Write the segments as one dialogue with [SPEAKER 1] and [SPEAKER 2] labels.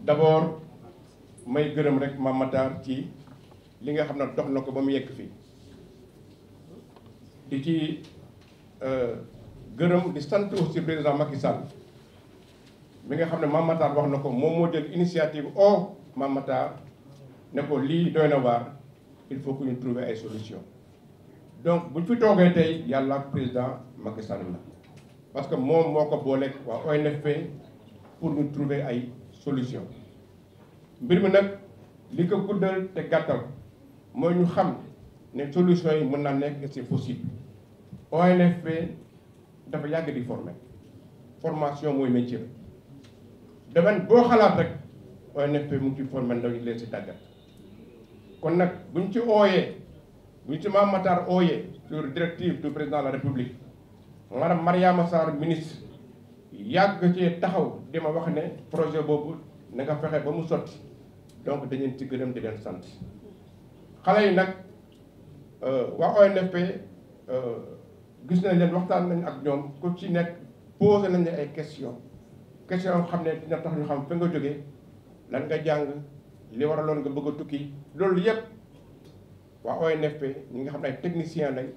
[SPEAKER 1] d'abord may gërëm rek Mame ci li nga xam ne dox na ko ba mu yegg fii di ci euh, gërëm di sant aussi président Macky Sall mi nga xam ne Mame Matar wax na ko moom moo jël initiative o Mame Matar ne ko lii doy na waar il faut que ñu trouver ay solution donc bu ñu fi toogee tey yàlla ak président Macky Sall la parce que moom moo ko booleeg waa ONFP pour ñu trouver ay solution mbir mi nag li ko guddal te gàttal mooy ñu xam ne solution yi mën naa nekk c'est possible ONFP dafa yàgg di former formation mooy métier domaine boo xalaat rek ONFP mu ngi ci former ndaw yi leen si tàggat kon nag buñ ci ooyee Ultimement Matar Oye, sur directive du président de la République madame Mariama saar ministre yàgg ci taxaw di ma wax ne projet boobu na nga fexe ba mu sotti donc dañeen ci gërëm di leen sant xale yi nag euh, waa ONFP euh, gis nañ leen waxtaan nañ ak ñoom ku ci nekk posé nañ ay question question yoo xam ne dina tax ñu xam fi nga jógee lan nga jàng li waraloon nga bëgg a tukki loolu yëpp waa ONFP ñi nga xam ne technicien lañ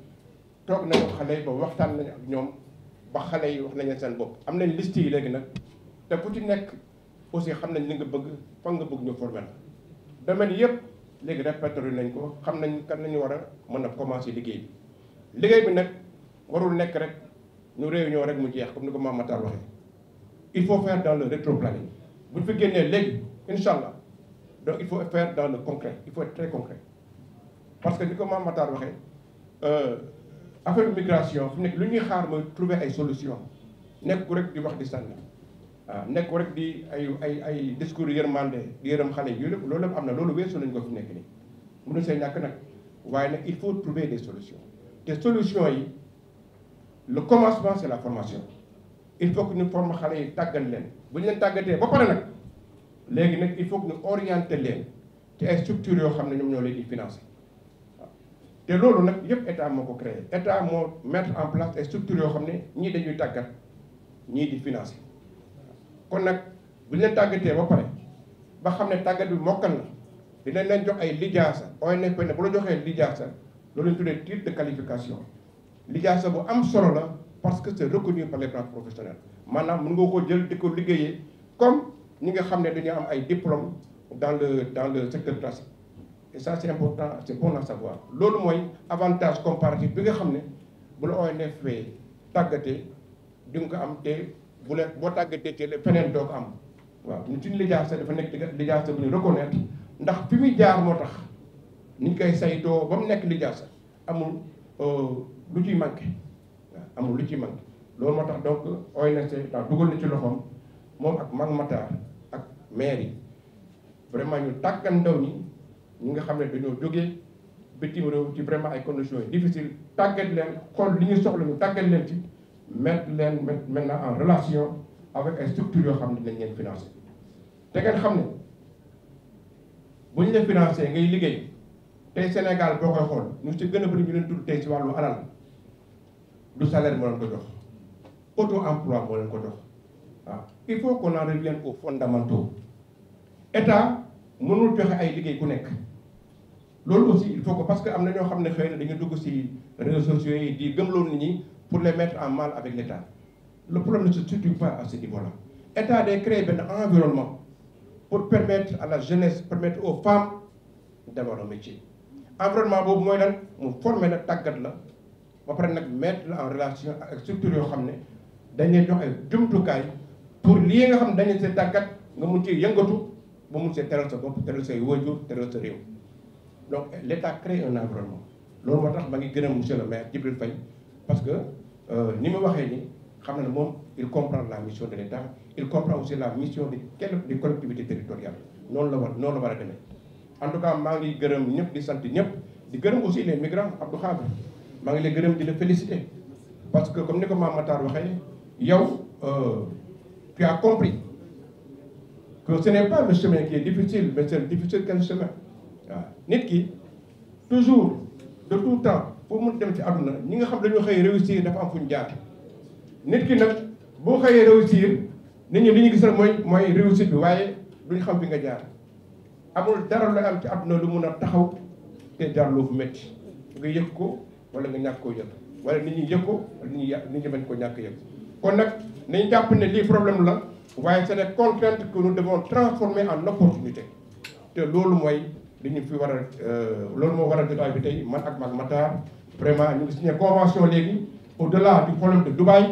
[SPEAKER 1] toog nañu xale yi ba waxtaan nañu ak ñoom ba xale yi wax nañ leen seen bopp am nañ liste yi léegi nag te ku ci nekk aussi xam nañ li nga bëgg fan nga bëgg ñu formé la domaine yëpp léegi répertorié nañ ko xam nañ kan nañu war a mën a commencé liggéey bi liggéey bi nag warul nekk rek ñu réunion rek mu jeex comme ni ko ma Matar waxee il faut faire dans le rétroplanning bu ñu fi génnee léegi incha allah donc il faut faire dans le concret il faut être parce que ni ko Mame Matar waxee euh, affaire migration fu nekk lu ñuy xaar mooy trouver ay solution nekk ku rek di wax di sànni waaw ah, nekk ku rek di ay ay ay discours yërmande di yërëm xale yi lépp loolu lépp am na loolu weesu nañ ko fi nekk nii mënu see ñàkk nag waaye nag il faut trouver des solution te solution yi lu commencement c'est la formation il faut que ñu forme xale yi tàggat leen bu ñu leen tàggatee ba pare nag léegi nag il faut que ñu orienter leen ci ay structures yoo xam ne ñoom ñoo leen di financer te loolu nag yëpp état moo ko créé état moo mettre en place ay structures yoo xam ne ñii dañuy tàggat ñii di financé kon nag bu ñu leen tàggatee ba pare ba xam ne tàggat bi mokkal na dinañ leen jox ay lijaasa ONFP ne bu la joxee lijaasa loolu ñu tuddee titre de qualification lijaasa bu am solo la parce que c'est reconnu par les branches professionnelles maanaam mën nga koo jël di ko liggéeyee comme ñi nga xam ne dañu am ay diplôme dans le dans le secteur classique et ça c'est important c'est bon à savoir loolu mooy avantage comparatif bi nga xam ne bu la ONFP tàggatee di ko am te bu la boo tàggatee ci feneen doo am waaw ñu suñu lijaasa dafa nekk lijaasa bu ñu reconnaître ndax fi muy jaar moo tax ni koy saytoo ba mu nekk lijaasa euh, amul lu ci manqué amul lu ci manqué loolu moo tax donc ONFP daa dugal na ci loxoom moom ak Mag Matar ak maire yi vraiment ñu tàggat ndaw ñi ñu nga xam ne dañoo jógee bitim réew ci vraiment ay conditions yi difficile tàggat leen xool li ñu soxla ñu tàggat leen ci mettre leen maintenant en relation avec ay structures yoo xam ne dinañ leen financer te ngeen xam ne bu ñu la financer ngay liggéey tey Sénégal boo koy xool ñu ci gën a bëri ñu leen tudd tey si wàllu alal du salaire moo leen ko jox auto emploi moo leen ko jox waaw il faut qu'on en revienne ko fondamentaux état mënul joxe ay liggéey ku nekk loolu aussi il faut que parce que am na ñoo xam ne xëy na dañu dugg si réseaux sociaux yi di gëmloo nit ñi pour le mettre en mal avec l' état le problème ne se situe pas à ce niveau là état day créer benn environnement pour permettre à la jeunesse permettre au femmes d' avoir un environnement boobu mooy lan mu former la tàggat la ba pare nag mettre la en relation ak structure yoo xam ne dañuy jox ay jumtukaay pour lii nga xam ne dañu see tàggat nga mun ci yëngatu ba mun see teral sa bopp teral sa réew donc l' état crée loolu moo tax ma ngi gërëm monsieur le maire Djibril Faye parce que eh, ni ma waxee ni xam na ne moom il comprend la mission de l' état il comprend aussi la mission de quelle des collectivités territoriales noonu la war noonu la war a demee en tout cas maa ngi gërëm ñëpp di sant ñëpp di gërëm aussi les migrants Abdou Khadre maa ngi lay gërëm di la parce que comme ni ko Mame Matar waxee yow tu que ce n'est pas le chemin qui est difficile mais c'est difficile quel chemin nit ki toujours de tout temps foo mën dem ci àdduna ñi nga xam dañoo xëy réussir dafa am fu ñu jaar nit ki nag boo xëyee réussir nit ñi li ñu gisal mooy mooy réussite bi waaye duñ xam fi nga jaar amul dara looy am ci àdduna lu mun a taxaw te jaarloo fu métti nga yëg ko wala nga ñàkk koo yëg wala nit ñi yëg ko wala nit ñi nit ñi bañ ko ñàkk yëg kon nag nañ jàpp ne lii problème la waaye c'est des contraintes que nous devons transformer en opportunité te loolu mooy li ñu fi war a euh, loolu moo war a jotaay bi tey man ak Mac Matar vraiment ñu ngi signé convention léegi au-delà du problème de Dubaï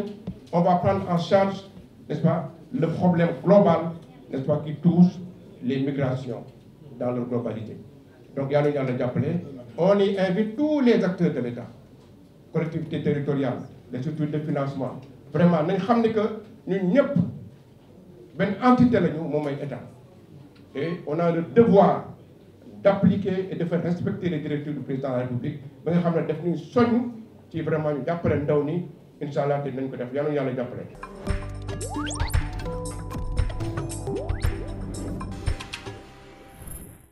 [SPEAKER 1] on va prendre en charge n'est-ce pas le problème global nest pas qui touche les migrations dans leur globalité donc yàlla ñu yàlla jàppale on y invite tous les acteurs de l'État collectivités territoriales les structures de financement vraiment nañ xam ne que ñëpp benn entité lañu moom mooy état et on a le devoir d'appliquer et de faire respecter les directives du président de la république ba nga xam ne def ñuy soññ ci vraiment ñu jàppale ndaw ni incha allah te nañ ko def yàlla yàlla jàppale.